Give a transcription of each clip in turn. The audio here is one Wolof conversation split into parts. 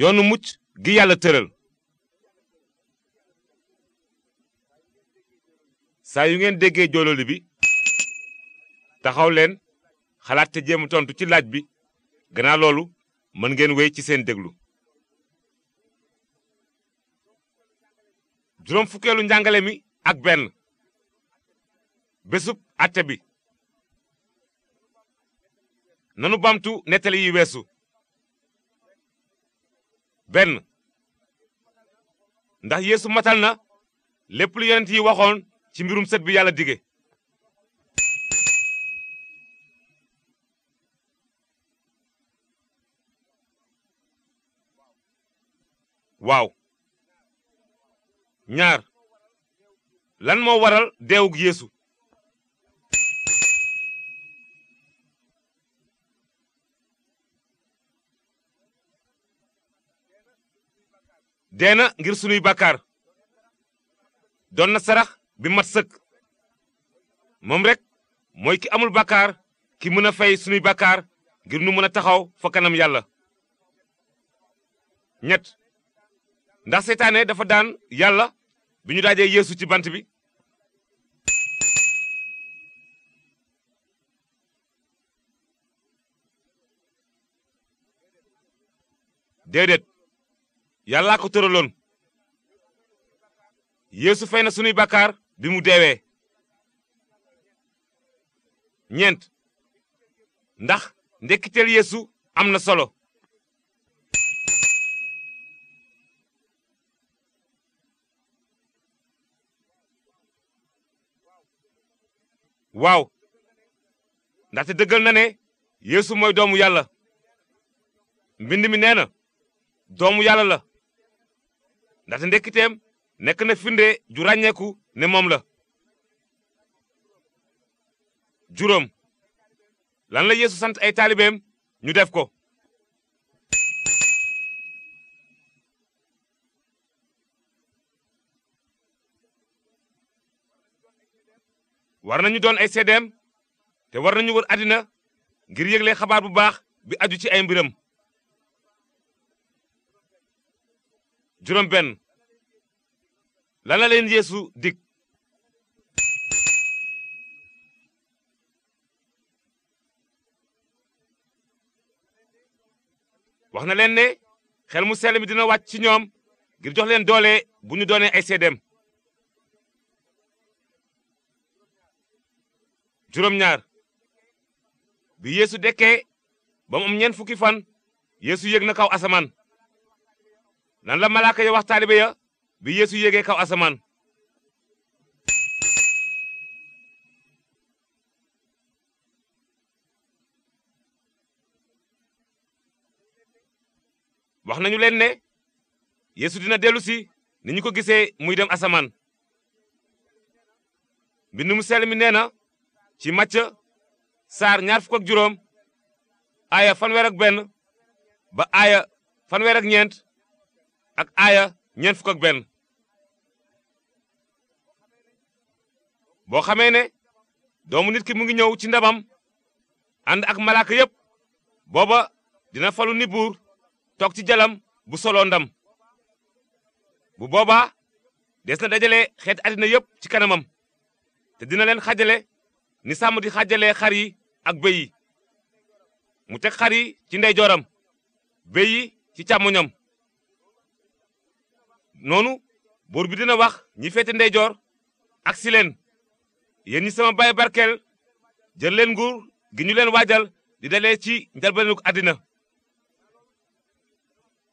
yoonu mucc gi yàlla tëral saa yu ngeen déggee joololi bi taxaw leen xalaat te jéem tontu ci laaj bi gannaaw loolu mën ngeen wéy ci seen déglu juróom fukkeelu njàngale mi ak benn bésub àtte bi nanu bamtu nettali yi weesu benn ndax yéesu matal na lépp lu yonent yi waxoon ci mbirum set bi yàlla dige waaw ñaar lan moo waral deewug yéesu dee na ngir sunuy bàkkaar doon na sarax bi mat sëkk moom rek mooy ki amul bàkkaar ki mën a fay sunuy bàkkaar ngir nu mën a taxaw fa kanam yàlla ñett ndax seytaane dafa daan yàlla bi ñu daajee yéesu ci bant bi déedéet yàllaa ko tëraloon yéesu fay na sunuy bakaar bi mu deewee ñeent ndax ndekkiteel yéesu am na solo waaw ndaxte dëggal na ne yéesu mooy doomu yàlla mbind mi nee na doomu yàlla la ndaxte ndekkiteem nekk na finde ju ràññeeku ne moom la juróom lan la yeesu sant ay taalibeem ñu def ko war nañu doon ay seedeem te war nañu wër àddina ngir yëgle xabaar bu baax bi aju ci ay mbiram juróom benn lana leen yeesu dig wax na leen ne xel mu sell mi dina wàcc ci ñoom ngir jox leen doole bu ñu doone ay seedeem juróom ñaar bi yeesu dekkee ba mu am ñeent fukki fan yeesu yëg na kaw asamaan nan la malaaka ya wax taalibe ya bi yeesu yéegee kaw asamaan wax nañu leen ne yeesu dina dellu si ni ñu ko gisee muy dem asamaan mbind mu sell mi nee na ci màcc saar ñaar fukk ak juróom aaya fanweer ak benn ba aaya fanweer ak ñeent ak aaya ñeent fukk benn boo xamee ne doomu nit ki mu ngi ñëw ci ndamam ànd ak malaaka yépp booba dina falu ni buur toog ci jalam bu soloo ndam bu boobaa des na dajale xeet àddina yépp ci kanamam te dina leen xajale ni sàmm di xajalee xar yi ak béy yi mu teg xar ci ndeyjooram béy yi ci càmmoñam noonu buur bi dina wax ñi féete ndeyjoor ak si leen yéen ñi sama barkeel jël leen nguur gi ñu leen waajal di dalee ci njalbeenug àddina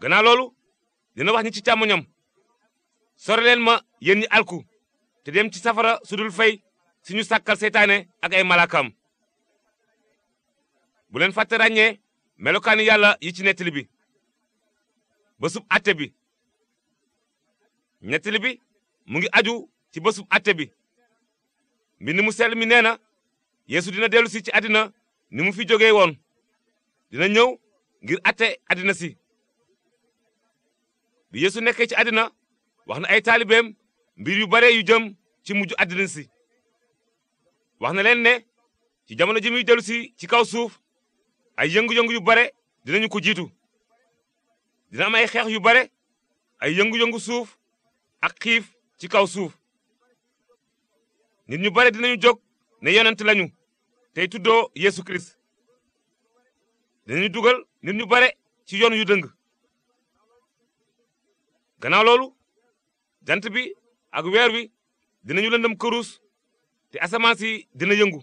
gannaaw loolu dina wax ñi ci càmmoñam sore leen ma yéen ñi alku te dem ci safara sudul fay si ñu sàkkal seytaane ak ay malaakam bu leen fàtte ràññee melokaani yàlla yi ci nettali bi ba sub bi nettali bi mu ngi aju ci bésub atte bi mbind mu sell mi nee na yeesu dina dellu si ci àddina ni mu fi jógee woon dina ñëw ngir atte àddina si yéesu nekkee ci àddina wax na ay taalibeem mbir yu bare yu jëm ci mujj àddina si wax na leen ne ci jamono ji muy dellu si ci kaw suuf ay yënguyëngu yu bare dinañu ko jiitu dina am ay xeex yu bare ay yënguyëngu suuf ak xiif ci kaw suuf nit ñu bare dinañu jog ne yonent lañu tey tuddoo Yeesu Kirist dinañu dugal nit ñu bare ci yoon yu dëng ganaaw loolu jant bi ak weer wi dinañu lëndëm këruus te asamaan si dina yëngu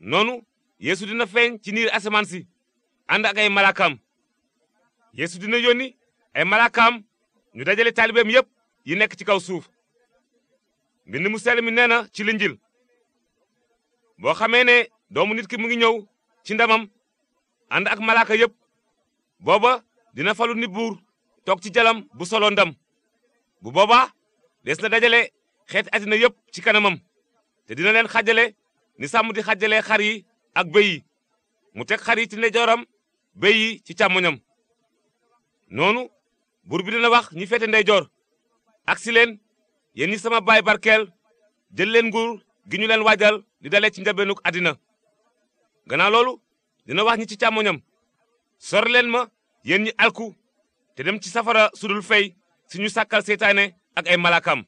noonu yéesu dina feeñ ci niir asamaan si ànd ak ay malaakaam yeesu dina yónni ay malaakaam ñu dajale taalibeem yépp yi nekk ci kaw suuf mbind mu sell mi nee na ci linjil boo xamee ne doomu nit ki mu ngi ñëw ci ndamam ànd ak malaaka yépp booba dina falu ni buur toog ci jalam bu solo ndam bu boobaa des na dajale xeet àddina yépp ci kanamam te dina leen xajale ni sàmm di xajalee xar yi ak béy yi mu teg xar yi ci ndeyjooram béy yi ci càmmoñam noonu buur bi dina wax ñi féete ndeyjoor agsi leen yéen ñi sama baay barkeel jël leen nguur gi ñu leen waajal di dalee ci njabeenuk àddina gannaaw loolu dina wax ñi ci càmmoñam sor leen ma yéen ñi alku te dem ci safara sudul fey si ñu sàkkal seytaane ak ay malaakam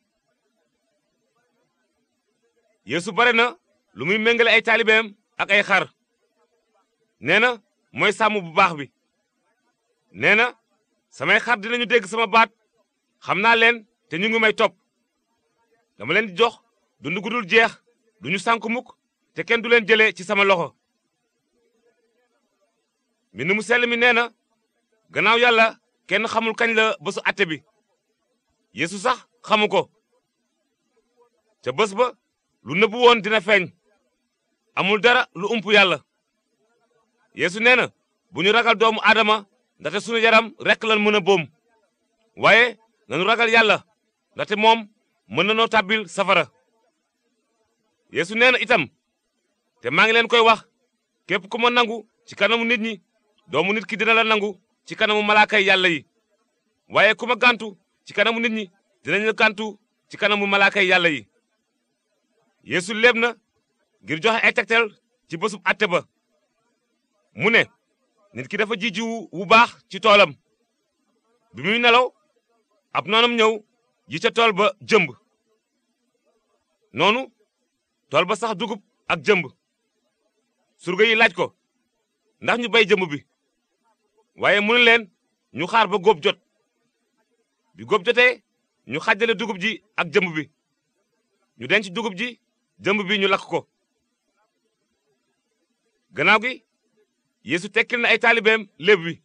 yéesu bare na lu muy méngale ay taalibeem ak ay xar nee na mooy sàmm bu baax bi nee samay xar dinañu dégg sama baat xam naa leen te ñu ngi may topp dama leen jox dund gu jeex duñu sànk mukk te kenn du leen jëlee ci sama loxo mbind mu sell mi nee na gannaaw yàlla kenn xamul kañ la bésu àtte bi yeesu sax xamu ko ca bés ba lu nëbbu woon dina feeñ amul dara lu ump yàlla yéesu nee na bu ñu ragal doomu aadama ndaxte sunu yaram rekk lan mën a boom waaye nanu ragal yàlla ndaxte moom mën na noo tàbbil safara yeesu neen itam te maa ngi leen koy wax képp ku ma nangu ci kanamu nit ñi doomu nit ki dina la nangu ci kanamu malaakay yàlla yi waaye ku ma gàntu ci kanamu nit ñi dinañ la gàntu ci kanamu malaakay yàlla yi yeesu léeb na ngir joxe ay ci bésub atte ba mu ne nit ki dafa ji jiwu wu baax ci toolam bi muy nelaw ab noonam ñëw ji ca tool ba jëmb noonu tool ba sax dugub ak jëmb surga yi laaj ko ndax ñu bay jëmb bi waaye mënu leen ñu xaar ba góob jot bi góob jotee ñu xàjjale dugub ji ak jëmb bi ñu denc dugub ji jëmb bi ñu lakk ko yéesu tekkil na ay taalibeem léeb wi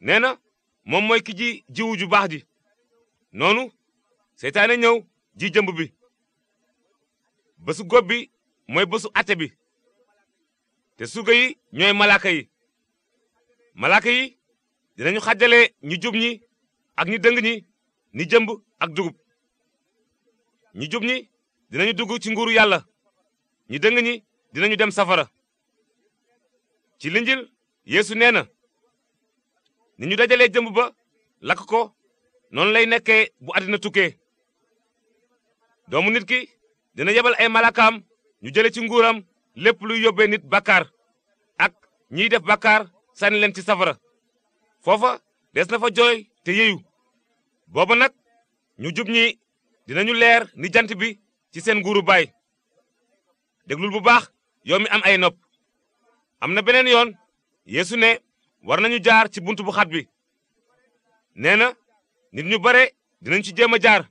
nee na moom mooy ki ji jiwu ju baax ji noonu seytaane ñëw ji jëmb bi bésu góob bi mooy bésu ate bi te surga yi ñooy malaaka yi malaaka yi dinañu xajale ñu jub ñi ak ñu dëng ñi ni jëmb ak dugub ñu jub ñi dinañu dugg ci nguuru yàlla ñu dëng ñi dinañu dem safara ci linjil yeesu nee na ni ñu dajalee jëmb ba lakk ko noonu lay nekkee bu àddina tukkee doomu nit ki dina yebal ay malakaam ñu jële ci nguuram lépp luy yóbbee nit bàkkaar ak ñiy def bàkkaar sànni leen ci safara foofa des nafa fa jooy te yeyu booba nag ñu jub ñi dinañu leer ni bi ci seen nguuru baay déglul bu baax yow mi am ay nopp am na beneen yoon yéesu ne war nañu jaar ci bunt bu xat bi nee na nit ñu bare dinañ ci jéem a jaar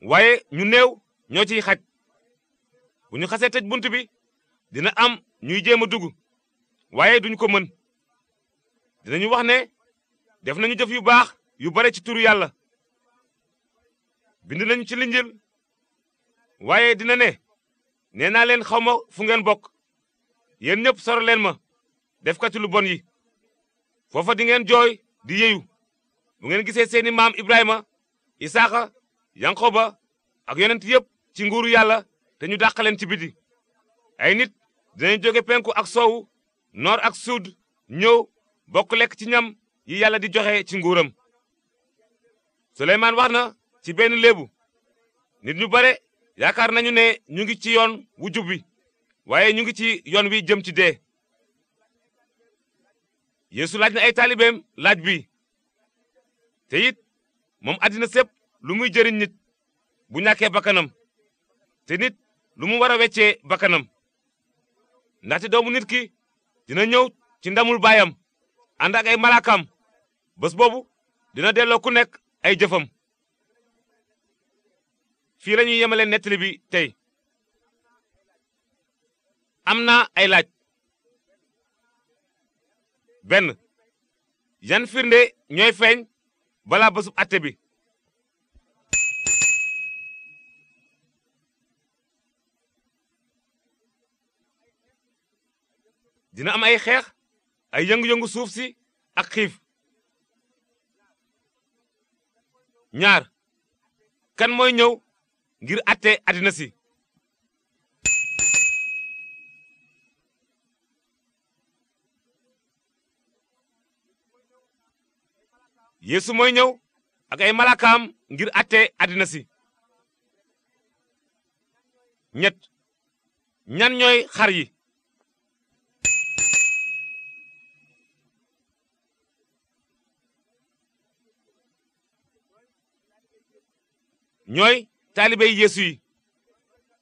waaye ñu néew ñoo ciy xaj bu ñu xasee tëj bunt bi dina am ñuy jéem a dugg waaye duñ ko mën dinañu wax ne def nañu jëf yu baax yu bare ci turu yàlla bind nañu ci linjil waaye dina ne nee naa leen xawma fu ngeen bokk yéen ñëpp sore leen ma def ko bon yi foofa di ngeen jooy di yéyu bu ngeen gisee seeni maam Ibrahima Isaaxa Yankoba ak yonent yëpp ci nguuru yàlla te ñu dàq leen ci biti ay nit dinañ jóge penku ak soowu noor ak sud ñëw bokk lekk ci ñam yi yàlla di joxe ci nguuram Suleymaan wax na ci benn léebu nit ñu bare yaakaar nañu ne ñu ngi ci yoon wu jub bi waaye ñu ngi ci yoon wi jëm ci dee yéesu laaj na ay taalibeem laaj bi te it moom àddina sépp lu muy jëriñ nit bu ñàkkee bakkanam te nit lu mu war a weccee bakkanam ndaxte doomu nit ki dina ñëw ci ndamul baayam ànd ak ay malaakaam bés boobu dina delloo ku nekk ay jëfam fii la ñuy yemale nettali bi tey am na ay laaj benn yan firnde ñooy feeñ balaa bésub atte bi dina am ay xeex ay yëngu-yëngu suuf si ak xiif ñaar kan mooy ñëw ngir atte àddina si yéesu mooy ñëw ak ay ngir atte àddina si ñett ñan ñooy xar yi ñooy taalibey yeesu yi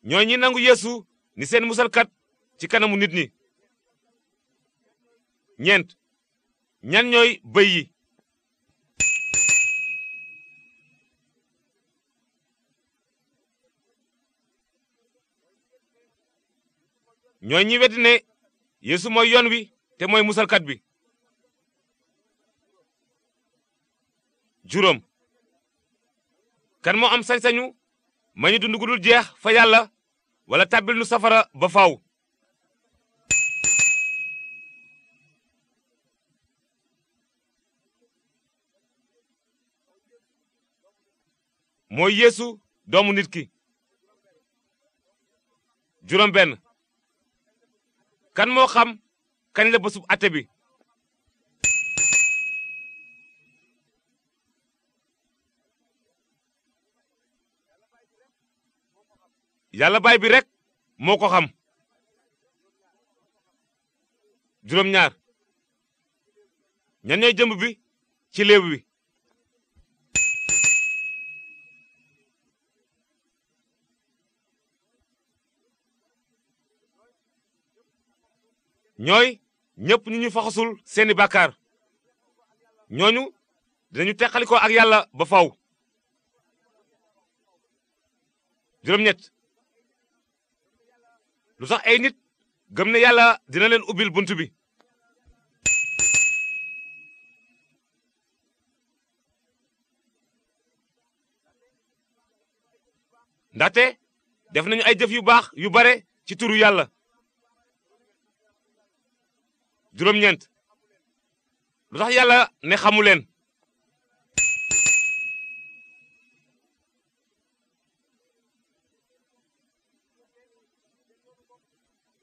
ñooy ñi nangu yeesu ni seen musalkat ci kanamu nit ñi ñeent ñan ñooy bay yi ñooy ñi weddi ne yeesu mooy yoon wi te mooy musalkat bi juróom kan moo am sañ-sañu ma dund gu dul jeex fa yàlla wala tàbbil nu safara ba faw mooy yéesu doomu nit ki juróom benn kan moo xam kañ la bésub atte bi yàlla baay bi rek moo ko xam juróom ñaar ñan ñooy jëmb bi ci léew bi ñooy ñépp ñu ñu faxasul seeni bàkkaar ñooñu dinañu teqaliko ak yàlla ba faw juróom-ñett lu sax ay nit gëm ne yàlla dina leen ubbil bunt bi ndaxte def nañu ay jëf yu baax yu bare ci turu yàlla juróom-ñeent lu tax yàlla ne xamu leen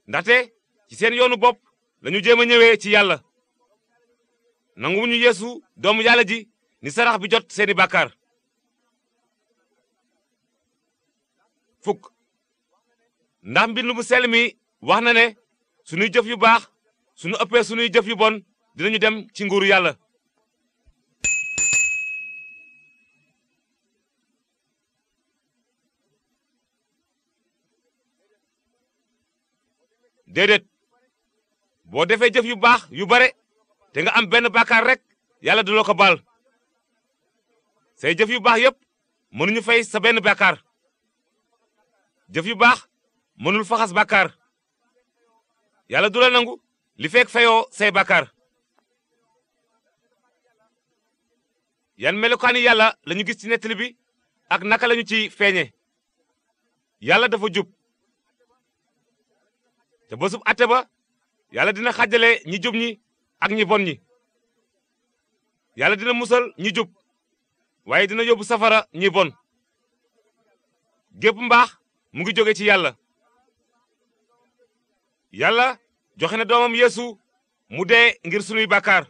ndaxte ci seen yoonu bopp lañu jéem a ñëwee ci yàlla nanguwuñu yeesu doomu yàlla ji ni sarax bi seeni bàkkaar fukk ndax mbind mu sell mi wax na ne sunuy jëf yu baax sunu ëppee suñuy jëf yu bon dinañu dem ci nguuru yàlla déedéet boo defee jëf yu baax yu bare te nga am benn bàkkaar rek yàlla du ko baal say jëf yu baax yépp mënuñu fay sa benn bàkkaar jëf yu baax mënul faxas bàkkaar yàlla du nangu li fekk fayoo say bakar yan melokaani yàlla lañu gis ci nettali bi ak naka lañu ci feeñe yàlla dafa jub te bésub atte ba yàlla dina xajale ñi jub ñi ak ñi bon yàlla dina musal ñi jub waaye dina yóbbu safara ñi bon gépp mbaax mu ngi jóge ci yàlla yàlla joxe na doomam yéesu mu dee ngir sunuy bàkkaar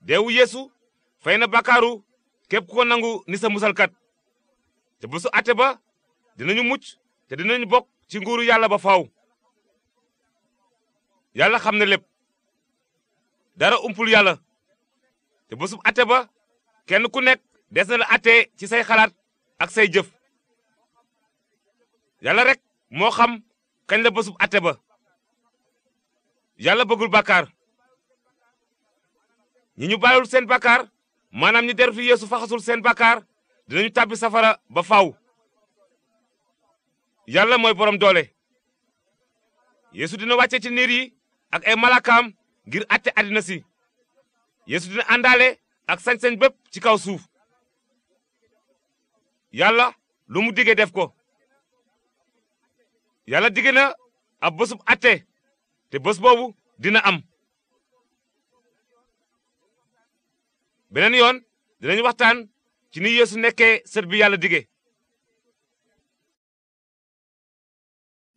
deewu yéesu fay na bakaaru képp ko nangu ni sa musalkat te bésu àtte ba dinañu mucc te dinañu bokk ci nguuru yàlla ba faaw yàlla xam na lépp dara umpul yàlla te bésub ate ba kenn ku nekk des na la àtte ci say xalaat ak say jëf yàlla rek moo xam kañ la bésub àtte ba yàlla bëggul bàkkaar ñi ñu bàyyul seen bakar maanaam ñi deretu yeesu faxasul seen bakar dinañu tàbbi safara ba faaw yàlla mooy borom doole yeesu dina wàcce ci niir yi ak ay malakaam ngir atte àddina si yeesu dina àndaale ak sañ-sañ bépp ci kaw suuf yàlla lu mu dige def ko yàlla dige na ab bésub atte te bés boobu dina am beneen yoon dinañ waxtaan ci ni yeesu nekkee sët bi yàlla dige